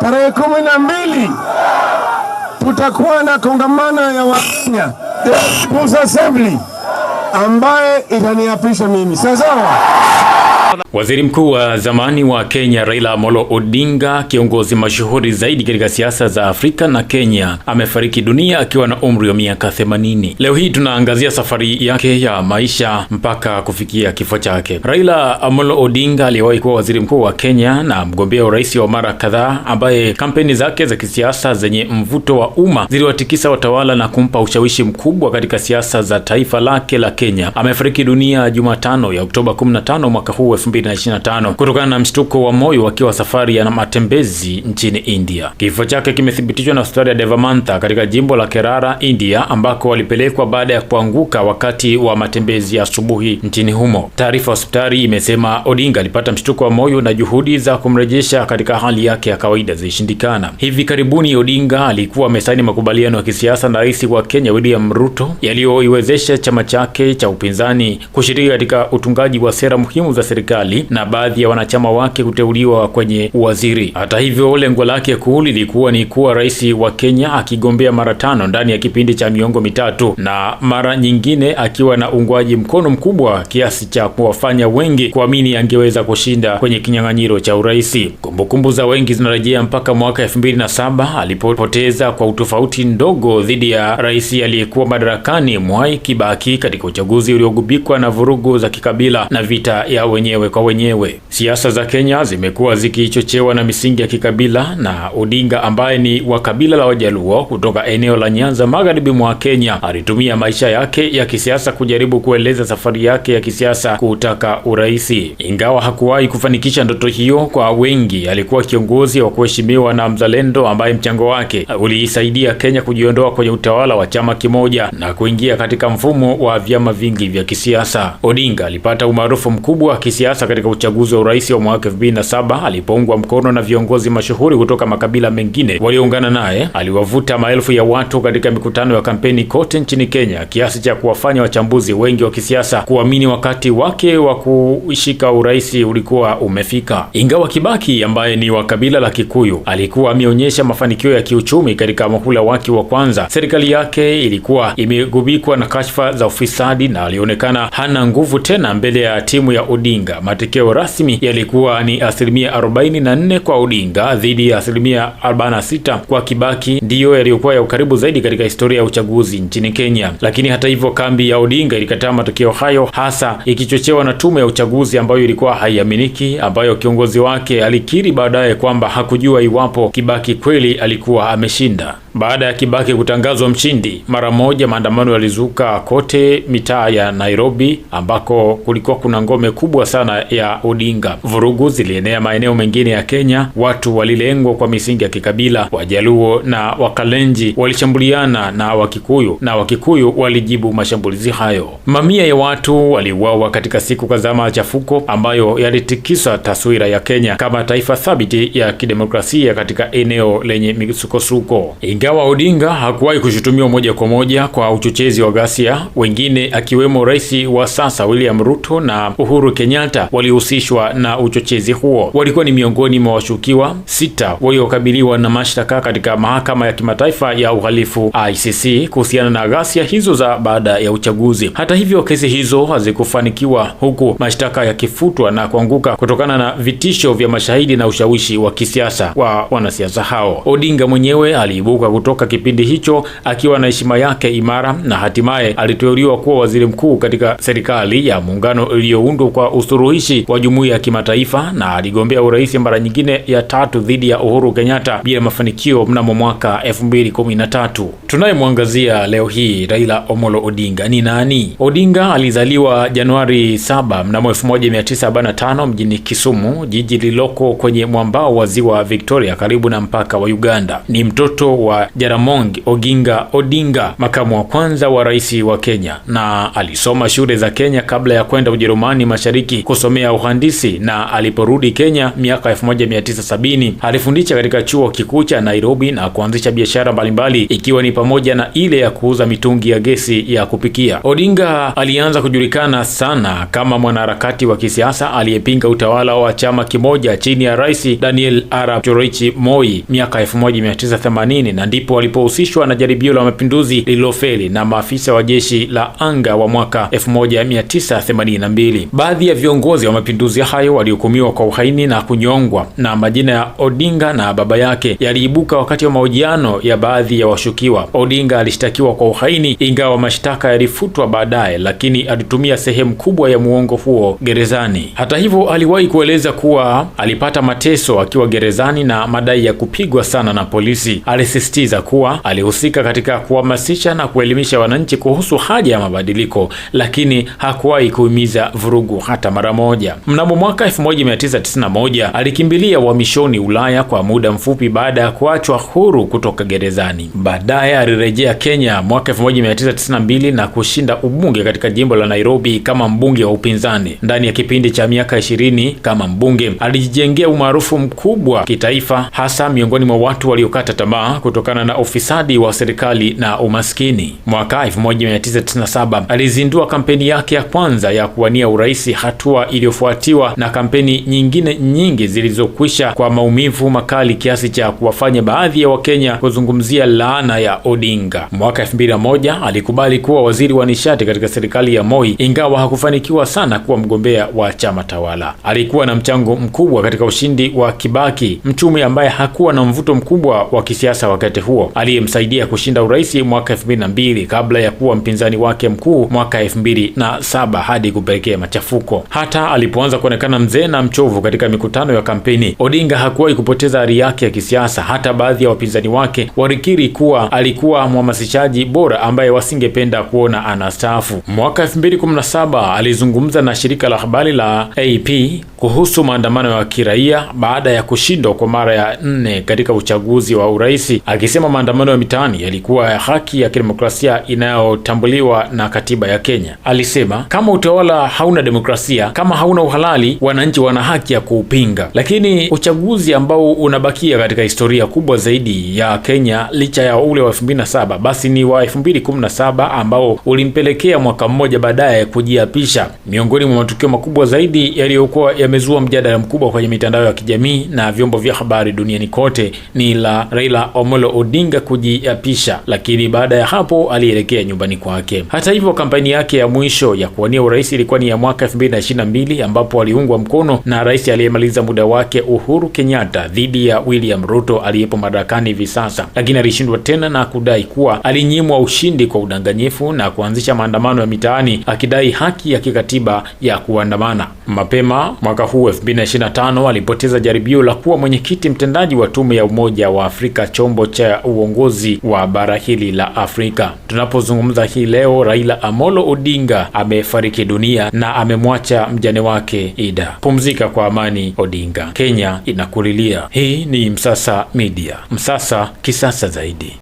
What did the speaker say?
tarehe kumi na mbili tutakuwa na kongamano ya Wakenya People's Assembly ambaye itaniapisha mimi sawa. Waziri Mkuu wa zamani wa Kenya Raila Amolo Odinga, kiongozi mashuhuri zaidi katika siasa za Afrika na Kenya, amefariki dunia akiwa na umri wa miaka 80. Leo hii tunaangazia safari yake ya maisha mpaka kufikia kifo chake. Raila Amolo Odinga aliyewahi kuwa waziri mkuu wa Kenya na mgombea urais wa mara kadhaa, ambaye kampeni zake za kisiasa zenye mvuto wa umma ziliwatikisa watawala na kumpa ushawishi mkubwa katika siasa za taifa lake la Kenya, amefariki dunia Jumatano ya Oktoba 15 mwaka huu 2025 kutokana na mshtuko wa moyo wakiwa safari ya matembezi nchini India. Kifo chake kimethibitishwa na hospitali ya Devamanta katika jimbo la Kerala, India, ambako walipelekwa baada ya kuanguka wakati wa matembezi ya asubuhi nchini humo. Taarifa ya hospitali imesema Odinga alipata mshtuko wa moyo na juhudi za kumrejesha katika hali yake ya kawaida zilishindikana. Hivi karibuni Odinga alikuwa amesaini makubaliano ya kisiasa na rais wa Kenya William Ruto yaliyoiwezesha chama chake cha upinzani kushiriki katika utungaji wa sera muhimu za serikali serikali na baadhi ya wanachama wake kuteuliwa kwenye uwaziri. Hata hivyo, lengo lake kuu lilikuwa ni kuwa rais wa Kenya akigombea mara tano ndani ya kipindi cha miongo mitatu, na mara nyingine akiwa na uungwaji mkono mkubwa kiasi cha kuwafanya wengi kuamini angeweza kushinda kwenye kinyang'anyiro cha urais. Kumbukumbu za wengi zinarejea mpaka mwaka saba alipopoteza kwa utofauti ndogo dhidi ya rais aliyekuwa madarakani Mwai Kibaki katika uchaguzi uliogubikwa na vurugu za kikabila na vita ya wenyewe kwa kwa wenyewe. Siasa za Kenya zimekuwa zikichochewa na misingi ya kikabila, na Odinga ambaye ni wa kabila la Wajaluo kutoka eneo la Nyanza magharibi mwa Kenya alitumia maisha yake ya kisiasa kujaribu kueleza safari yake ya kisiasa kutaka uraisi. Ingawa hakuwahi kufanikisha ndoto hiyo kwa wengi, alikuwa kiongozi wa kuheshimiwa na mzalendo ambaye mchango wake uliisaidia Kenya kujiondoa kwenye utawala wa chama kimoja na kuingia katika mfumo wa vyama vingi vya kisiasa. Odinga alipata umaarufu mkubwa wa kisiasa katika uchaguzi wa urais wa mwaka 2007 alipoungwa mkono na viongozi mashuhuri kutoka makabila mengine walioungana naye, aliwavuta maelfu ya watu katika mikutano ya kampeni kote nchini Kenya, kiasi cha kuwafanya wachambuzi wengi wa kisiasa kuamini wakati wake wa kushika urais ulikuwa umefika. Ingawa Kibaki ambaye ni wa kabila la Kikuyu alikuwa ameonyesha mafanikio ya kiuchumi katika muhula wake wa kwanza, serikali yake ilikuwa imegubikwa na kashfa za ufisadi na alionekana hana nguvu tena mbele ya timu ya Odinga matokeo rasmi yalikuwa ni asilimia 44 kwa Odinga dhidi ya asilimia 46 kwa Kibaki, ndiyo yaliyokuwa ya ukaribu zaidi katika historia ya uchaguzi nchini Kenya. Lakini hata hivyo, kambi ya Odinga ilikataa matokeo hayo, hasa ikichochewa na tume ya uchaguzi ambayo ilikuwa haiaminiki, ambayo kiongozi wake alikiri baadaye kwamba hakujua iwapo Kibaki kweli alikuwa ameshinda. Baada ya Kibaki kutangazwa mshindi, mara moja maandamano yalizuka kote mitaa ya Nairobi ambako kulikuwa kuna ngome kubwa sana ya Odinga. Vurugu zilienea maeneo mengine ya Kenya, watu walilengwa kwa misingi ya kikabila. Wajaluo na Wakalenji walishambuliana na Wakikuyu na Wakikuyu walijibu mashambulizi hayo. Mamia ya watu waliuawa katika siku kadhaa, machafuko ambayo yalitikisa taswira ya Kenya kama taifa thabiti ya kidemokrasia katika eneo lenye misukosuko. Ingawa Odinga hakuwahi kushutumiwa moja kwa moja kwa uchochezi wa ghasia, wengine akiwemo rais wa sasa William Ruto na Uhuru Kenyatta walihusishwa na uchochezi huo. Walikuwa ni miongoni mwa washukiwa sita waliokabiliwa na mashtaka katika mahakama ya kimataifa ya uhalifu ICC kuhusiana na ghasia hizo za baada ya uchaguzi. Hata hivyo, kesi hizo hazikufanikiwa, huku mashtaka yakifutwa na kuanguka kutokana na vitisho vya mashahidi na ushawishi wa kisiasa wa wanasiasa hao. Odinga mwenyewe aliibuka kutoka kipindi hicho akiwa na heshima yake imara na hatimaye aliteuliwa kuwa waziri mkuu katika serikali ya muungano iliyoundwa kwa usuluhishi wa jumuiya ya kimataifa na aligombea urais mara nyingine ya tatu dhidi ya Uhuru Kenyatta bila mafanikio mnamo mwaka 2013. Tunayemwangazia leo hii Raila Omolo Odinga ni nani? Odinga alizaliwa Januari 7 mnamo 1945 mjini Kisumu, jiji lililoko kwenye mwambao wa Ziwa Victoria karibu na mpaka wa Uganda. Ni mtoto wa jaramong Jaramogi Oginga Odinga, makamu wa kwanza wa rais wa Kenya, na alisoma shule za Kenya kabla ya kwenda Ujerumani Mashariki kusomea uhandisi, na aliporudi Kenya miaka 1970 alifundisha katika chuo kikuu cha Nairobi na kuanzisha biashara mbalimbali, ikiwa ni pamoja na ile ya kuuza mitungi ya gesi ya kupikia. Odinga alianza kujulikana sana kama mwanaharakati wa kisiasa aliyepinga utawala wa chama kimoja chini ya Rais Daniel Arap Moi miaka 1980 na ndipo walipohusishwa na jaribio la mapinduzi lililofeli na maafisa wa jeshi la anga wa mwaka 1982. Baadhi ya viongozi wa mapinduzi hayo walihukumiwa kwa uhaini na kunyongwa, na majina ya Odinga na baba yake yaliibuka wakati wa mahojiano ya baadhi ya washukiwa. Odinga alishtakiwa kwa uhaini, ingawa mashtaka yalifutwa baadaye, lakini alitumia sehemu kubwa ya muongo huo gerezani. Hata hivyo, aliwahi kueleza kuwa alipata mateso akiwa gerezani na madai ya kupigwa sana na polisi. Alisisitiza akisisitiza kuwa alihusika katika kuhamasisha na kuelimisha wananchi kuhusu haja ya mabadiliko, lakini hakuwahi kuhimiza vurugu hata mara moja. Mnamo mwaka 1991 alikimbilia uhamishoni Ulaya kwa muda mfupi baada ya kuachwa huru kutoka gerezani. Baadaye alirejea Kenya mwaka 1992 na kushinda ubunge katika jimbo la Nairobi kama mbunge wa upinzani. Ndani ya kipindi cha miaka 20 kama mbunge alijijengea umaarufu mkubwa kitaifa, hasa miongoni mwa watu waliokata tamaa kutoka kutokana na ufisadi wa serikali na umaskini. Mwaka 1997 alizindua kampeni yake ya kwanza ya kuwania urais, hatua iliyofuatiwa na kampeni nyingine nyingi zilizokwisha kwa maumivu makali kiasi cha kuwafanya baadhi ya Wakenya kuzungumzia laana ya Odinga. Mwaka 2001 alikubali kuwa waziri wa nishati katika serikali ya Moi, ingawa hakufanikiwa sana kuwa mgombea wa chama tawala. Alikuwa na mchango mkubwa katika ushindi wa Kibaki, mchumi ambaye hakuwa na mvuto mkubwa wa kisiasa wakati wakati huo aliyemsaidia kushinda urais mwaka 2002 kabla ya kuwa mpinzani wake mkuu mwaka 2007 hadi kupelekea machafuko. Hata alipoanza kuonekana mzee na mchovu katika mikutano ya kampeni, Odinga hakuwahi kupoteza ari yake ya kisiasa. Hata baadhi ya wapinzani wake walikiri kuwa alikuwa mhamasishaji bora ambaye wasingependa kuona anastaafu. Mwaka 2017 alizungumza na shirika la habari la AP kuhusu maandamano ya kiraia baada ya kushindwa kwa mara ya nne katika uchaguzi wa urais, akisema maandamano ya mitaani yalikuwa ya haki ya kidemokrasia inayotambuliwa na katiba ya Kenya. Alisema kama utawala hauna demokrasia, kama hauna uhalali, wananchi wana haki ya kuupinga. Lakini uchaguzi ambao unabakia katika historia kubwa zaidi ya Kenya licha ya ule wa 2007 basi ni wa 2017 ambao ulimpelekea mwaka mmoja baadaye kujiapisha. Miongoni mwa matukio makubwa zaidi yaliyokuwa ya yamezua mjadala mkubwa kwenye mitandao ya kijamii na vyombo vya habari duniani kote ni la Raila Omolo Odinga kujiapisha, lakini baada ya hapo alielekea nyumbani kwake. Hata hivyo, kampeni yake ya mwisho ya kuwania urais ilikuwa ni ya mwaka 2022 ambapo aliungwa mkono na rais aliyemaliza muda wake Uhuru Kenyatta dhidi ya William Ruto aliyepo madarakani hivi sasa, lakini alishindwa tena na kudai kuwa alinyimwa ushindi kwa udanganyifu na kuanzisha maandamano ya mitaani akidai haki ya kikatiba ya kuandamana mapema mwaka mwaka huu 2025 alipoteza jaribio la kuwa mwenyekiti mtendaji wa tume ya Umoja wa Afrika, chombo cha uongozi wa bara hili la Afrika. Tunapozungumza hii leo, Raila Amolo Odinga amefariki dunia na amemwacha mjane wake Ida. Pumzika kwa amani Odinga, Kenya inakulilia. Hii ni Msasa Media, Msasa kisasa zaidi.